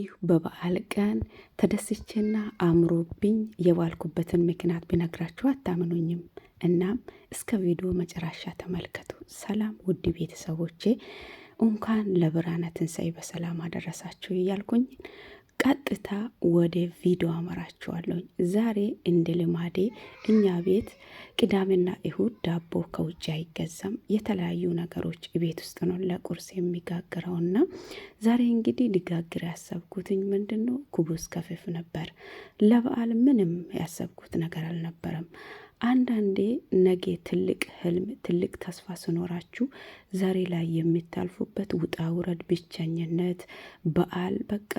ይህ በበዓል ቀን ተደስቼና አእምሮብኝ የዋልኩበትን ምክንያት ቢነግራችሁ አታምኑኝም። እናም እስከ ቪዲዮ መጨረሻ ተመልከቱ። ሰላም ውድ ቤተሰቦቼ፣ እንኳን ለብርሃነ ትንሣኤ በሰላም አደረሳችሁ እያልኩኝ ቀጥታ ወደ ቪዲዮ አመራችኋለሁ። ዛሬ እንደ ልማዴ እኛ ቤት ቅዳሜና እሁድ ዳቦ ከውጭ አይገዛም። የተለያዩ ነገሮች ቤት ውስጥ ነው ለቁርስ የሚጋግረውና ዛሬ እንግዲህ ሊጋግር ያሰብኩትኝ ምንድን ነው ኩቡስ ከፍፍ ነበር። ለበዓል ምንም ያሰብኩት ነገር አልነበረም። አንዳንዴ ነገ ትልቅ ህልም፣ ትልቅ ተስፋ ስኖራችሁ ዛሬ ላይ የሚታልፉበት ውጣ ውረድ፣ ብቸኝነት፣ በዓል በቃ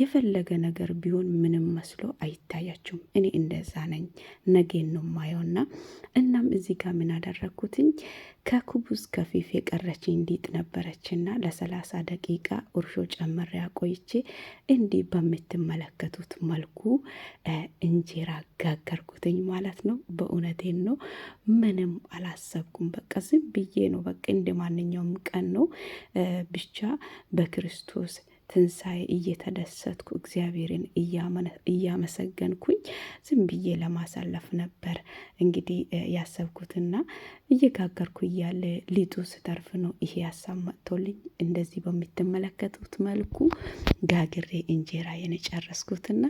የፈለገ ነገር ቢሆን ምንም መስሎ አይታያችሁም። እኔ እንደዛ ነኝ። ነገን ነው ማየውና እናም እዚህ ጋር ምን አደረግኩትኝ ከኩቡስ ከፊፍ የቀረችኝ ሊጥ ነበረችና ለሰላሳ ደቂቃ እርሾ ጨመሪያ ቆይቼ እንዲህ በምትመለከቱት መልኩ እንጀራ ጋገርኩትኝ ማለት ነው። በእውነቴን ነው። ምንም አላሰብኩም። በቃ ዝም ብዬ ነው በቃ እንደማን ማንኛውም ቀን ነው። ብቻ በክርስቶስ ትንሣኤ እየተደሰትኩ እግዚአብሔርን እያመሰገንኩኝ ዝም ብዬ ለማሳለፍ ነበር እንግዲህ ያሰብኩትና እየጋገርኩ እያለ ሊጡ ስተርፍ ነው ይሄ ሀሳብ መጥቶልኝ እንደዚህ በምትመለከቱት መልኩ ጋግሬ እንጀራ የነጨረስኩትና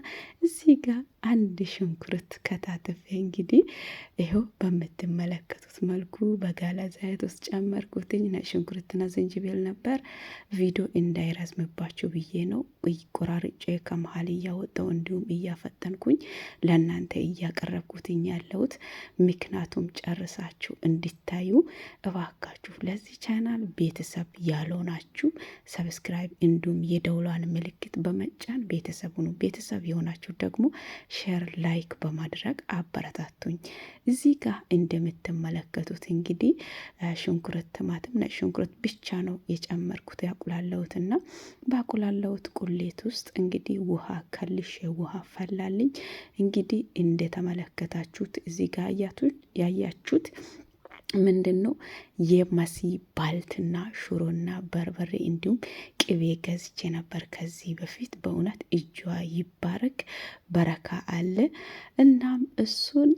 እዚህ ጋር አንድ ሽንኩርት ከታትፌ እንግዲህ ይኸው በምትመለከቱት መልኩ በጋለ ዘይት ውስጥ ጨመርኩትኝ። ሽንኩርትና ዝንጅቤል ነበር። ቪዲዮ እንዳይረዝምባችሁ እንዲደርሳችሁ ብዬ ነው ቆራርጬ ከመሀል እያወጣው እንዲሁም እያፈጠንኩኝ ለእናንተ እያቀረብኩትኝ ያለሁት። ምክንያቱም ጨርሳችሁ እንዲታዩ እባካችሁ ለዚህ ቻናል ቤተሰብ ያልሆናችሁ ሰብስክራይብ፣ እንዲሁም የደውሏን ምልክት በመጫን ቤተሰብ ሁኑ። ቤተሰብ የሆናችሁ ደግሞ ሼር፣ ላይክ በማድረግ አበረታቱኝ። እዚህ ጋር እንደምትመለከቱት እንግዲህ ሽንኩርት፣ ቲማቲም፣ ነጭ ሽንኩርት ብቻ ነው የጨመርኩት ያቁላለሁትና ባቁላላሁት ቁሌት ውስጥ እንግዲህ ውሃ ከልሽ ውሃ ፈላልኝ። እንግዲህ እንደተመለከታችሁት እዚህ ጋር ያያችሁት ምንድን ነው የመሲ ባልትና ሽሮና በርበሬ እንዲሁም ቅቤ ገዝቼ ነበር ከዚህ በፊት በእውነት እጇ ይባረክ በረካ አለ። እናም እሱን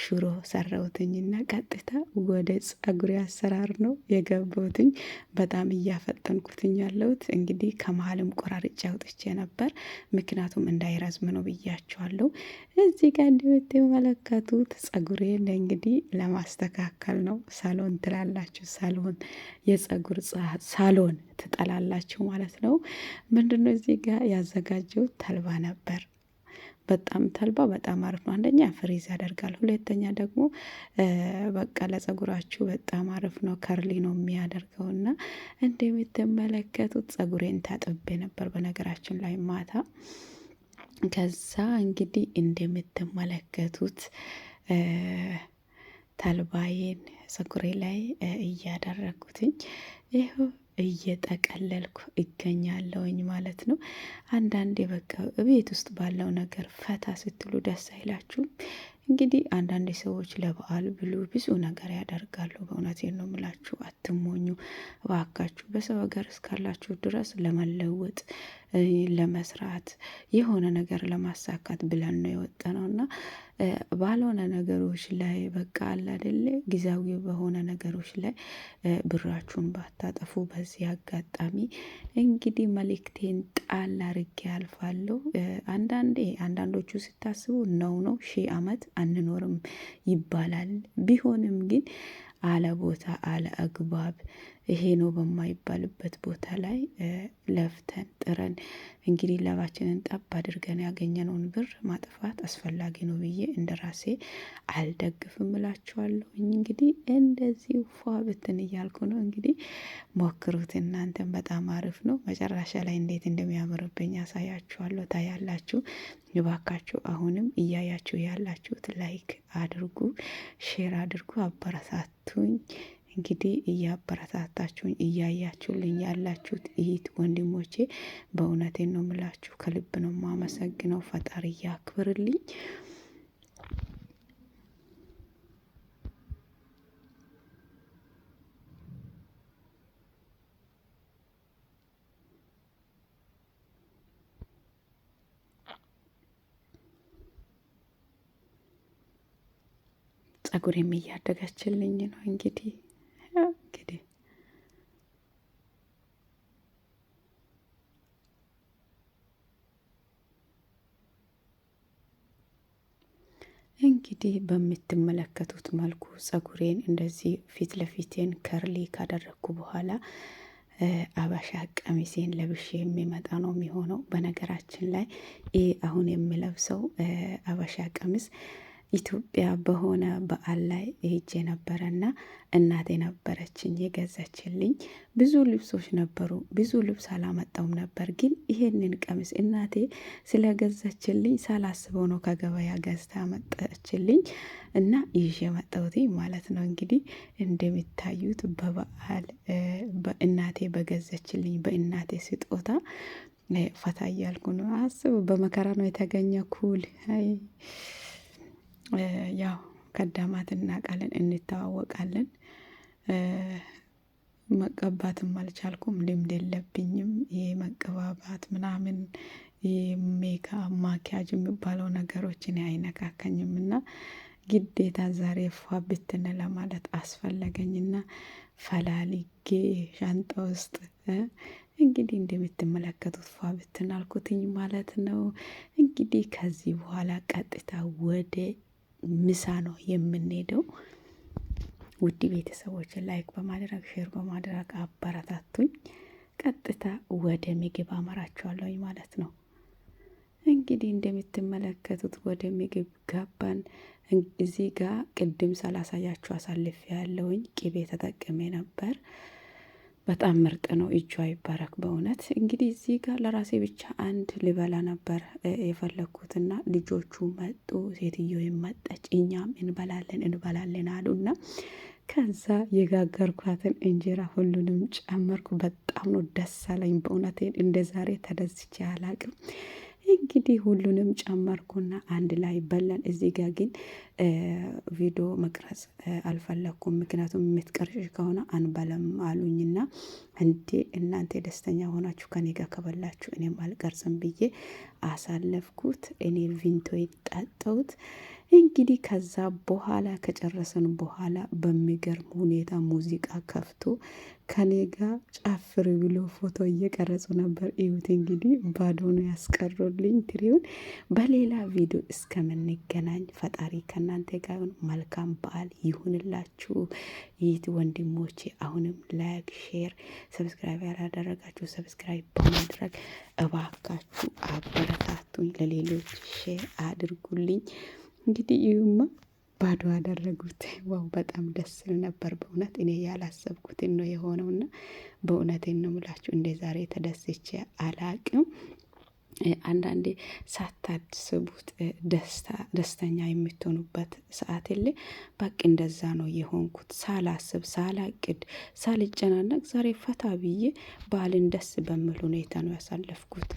ሽሮ ሰራውትኝና ቀጥታ ወደ ጸጉሬ አሰራር ነው የገባውትኝ። በጣም እያፈጠንኩትኝ ያለሁት እንግዲህ ከመሀልም ቆራርጬ አውጥቼ ነበር፣ ምክንያቱም እንዳይረዝም ነው ብያቸዋለሁ። እዚህ ጋር እንደምትመለከቱት ጸጉሬን እንግዲህ ለማስተካከል ነው። ሳሎን ትላላችሁ፣ ሳሎን የጸጉር ሳሎን ትጠላላችሁ ማለት ነው። ምንድን ነው እዚህ ጋር ያዘጋጀው ተልባ ነበር። በጣም ተልባ በጣም አሪፍ ነው። አንደኛ ፍሪዝ ያደርጋል፣ ሁለተኛ ደግሞ በቃ ለጸጉራችሁ በጣም አሪፍ ነው። ከርሊ ነው የሚያደርገው እና እንደምትመለከቱት ጸጉሬን ታጥቤ ነበር በነገራችን ላይ ማታ። ከዛ እንግዲህ እንደምትመለከቱት ተልባዬን ፀጉሬ ላይ እያደረግኩትኝ ይህ እየጠቀለልኩ ይገኛለውኝ ማለት ነው። አንዳንዴ በቃ ቤት ውስጥ ባለው ነገር ፈታ ስትሉ ደስ አይላችሁም? እንግዲህ አንዳንድ ሰዎች ለበዓል ብሉ ብዙ ነገር ያደርጋሉ። በእውነት ነው ምላችሁ አትሞኙ እባካችሁ። በሰው ሀገር እስካላችሁ ድረስ ለመለወጥ ለመስራት የሆነ ነገር ለማሳካት ብለን ነው የወጣ ነው እና ባልሆነ ነገሮች ላይ በቃ አለ አይደለ፣ ጊዜያዊ በሆነ ነገሮች ላይ ብራችሁን ባታጠፉ። በዚህ አጋጣሚ እንግዲህ መልእክቴን ጣል አርጌ አልፋለሁ። አንዳንዴ አንዳንዶቹ ስታስቡ ነው ነው ሺህ አመት። አንኖርም ይባላል። ቢሆንም ግን አለ ቦታ አለ አግባብ ይሄ ነው በማይባልበት ቦታ ላይ ለፍተን ጥረን እንግዲህ ላባችንን ጠብ አድርገን ያገኘነውን ብር ማጥፋት አስፈላጊ ነው ብዬ እንደ ራሴ አልደግፍም እላችኋለሁ። እንግዲህ እንደዚህ ፏ ብትን እያልኩ ነው። እንግዲህ ሞክሩት እናንተን፣ በጣም አሪፍ ነው። መጨረሻ ላይ እንዴት እንደሚያምርብኝ ያሳያችኋለሁ፣ ታያላችሁ። እባካችሁ አሁንም እያያችሁ ያላችሁት ላይክ አድርጉ፣ ሼር አድርጉ፣ አበረታቱኝ። እንግዲህ እያበረታታችሁኝ እያያችሁልኝ ያላችሁት እህት ወንድሞቼ በእውነቴ ነው ምላችሁ፣ ከልብ ነው ማመሰግነው። ፈጣሪ እያክብርልኝ። ጸጉሬም እያደገችልኝ ነው እንግዲህ እንግዲህ በምትመለከቱት መልኩ ጸጉሬን እንደዚህ ፊት ለፊቴን ከርሊ ካደረግኩ በኋላ አበሻ ቀሚሴን ለብሼ የሚመጣ ነው የሚሆነው። በነገራችን ላይ ይህ አሁን የሚለብሰው አበሻ ቀሚስ ኢትዮጵያ በሆነ በዓል ላይ ሄጄ ነበረና እናቴ ነበረችኝ የገዛችልኝ። ብዙ ልብሶች ነበሩ። ብዙ ልብስ አላመጣውም ነበር፣ ግን ይሄንን ቀሚስ እናቴ ስለገዛችልኝ ሳላስበው ነው ከገበያ ገዝታ ያመጣችልኝ እና ይዤ መጣሁት ማለት ነው። እንግዲህ እንደሚታዩት በበዓል በእናቴ በገዛችልኝ በእናቴ ስጦታ ፈታ እያልኩ ነው። አስቡ፣ በመከራ ነው የተገኘ ኩል ያው ከዳማት እናውቃለን፣ እንተዋወቃለን። መቀባትም አልቻልኩም፣ ልምድ የለብኝም። ይሄ መቀባባት ምናምን ሜካ ማኪያጅ የሚባለው ነገሮችን አይነካከኝም እና ግዴታ ዛሬ ፏ ብትን ለማለት አስፈለገኝና ፈላልጌ ሻንጣ ውስጥ እንግዲህ እንደምትመለከቱት ፏ ብትን አልኩትኝ ማለት ነው። እንግዲህ ከዚህ በኋላ ቀጥታ ወደ ምሳ ነው የምንሄደው። ውድ ቤተሰቦች ላይክ በማድረግ ሼር በማድረግ አበረታቱኝ። ቀጥታ ወደ ምግብ አመራቸዋለሁኝ ማለት ነው። እንግዲህ እንደምትመለከቱት ወደ ምግብ ገባን። እዚህ ጋር ቅድም ሳላሳያችሁ አሳልፍ ያለውኝ ቅቤ ተጠቅሜ ነበር። በጣም ምርጥ ነው። እጇ ይባረክ በእውነት እንግዲህ እዚህ ጋር ለራሴ ብቻ አንድ ልበላ ነበር የፈለግኩትና ልጆቹ መጡ፣ ሴትዮ መጣች። እኛም እንበላለን እንበላለን አሉና ከዛ የጋገርኳትን እንጀራ ሁሉንም ጨመርኩ። በጣም ነው ደስ አለኝ በእውነቴን እንደ ዛሬ ተደስቼ አላቅም። እንግዲህ ሁሉንም ጨመርኩና አንድ ላይ በላን። እዚህ ጋር ግን ቪዲዮ መቅረጽ አልፈለኩም። ምክንያቱም የምትቀርጭ ከሆነ አንበለም አሉኝና እንዴ እናንተ ደስተኛ ሆናችሁ ከኔ ጋር ከበላችሁ እኔም አልቀርጽም ብዬ አሳለፍኩት። እኔ ቪንቶ ጠጠውት። እንግዲህ ከዛ በኋላ ከጨረሰን በኋላ በሚገርም ሁኔታ ሙዚቃ ከፍቶ ከኔ ጋር ጫፍር ብሎ ፎቶ እየቀረጹ ነበር። እዩት እንግዲህ ባዶ ነው ያስቀሩልኝ ትሪውን። በሌላ ቪዲዮ እስከምንገናኝ ፈጣሪ ከና ከእናንተ ጋር ይሁን። መልካም በዓል ይሁንላችሁ። ይህ ወንድሞቼ አሁንም ላይክ፣ ሼር፣ ሰብስክራይብ ያላደረጋችሁ ሰብስክራይብ በማድረግ እባካችሁ አበረታቱኝ። ለሌሎች ሼር አድርጉልኝ። እንግዲህ ይሁማ ባዶ ያደረጉት ዋው በጣም ደስ ነበር። በእውነት እኔ ያላሰብኩትን ነው የሆነውና በእውነቴን ነው ምላችሁ እንደ ዛሬ ተደስቼ አላቅም። አንዳንዴ ሳታስቡት ደስታ ደስተኛ የምትሆኑበት ሰዓት የለ። በቃ እንደዛ ነው የሆንኩት። ሳላስብ ሳላቅድ ሳልጨናነቅ ዛሬ ፈታ ብዬ በዓልን ደስ በምል ሁኔታ ነው ያሳለፍኩት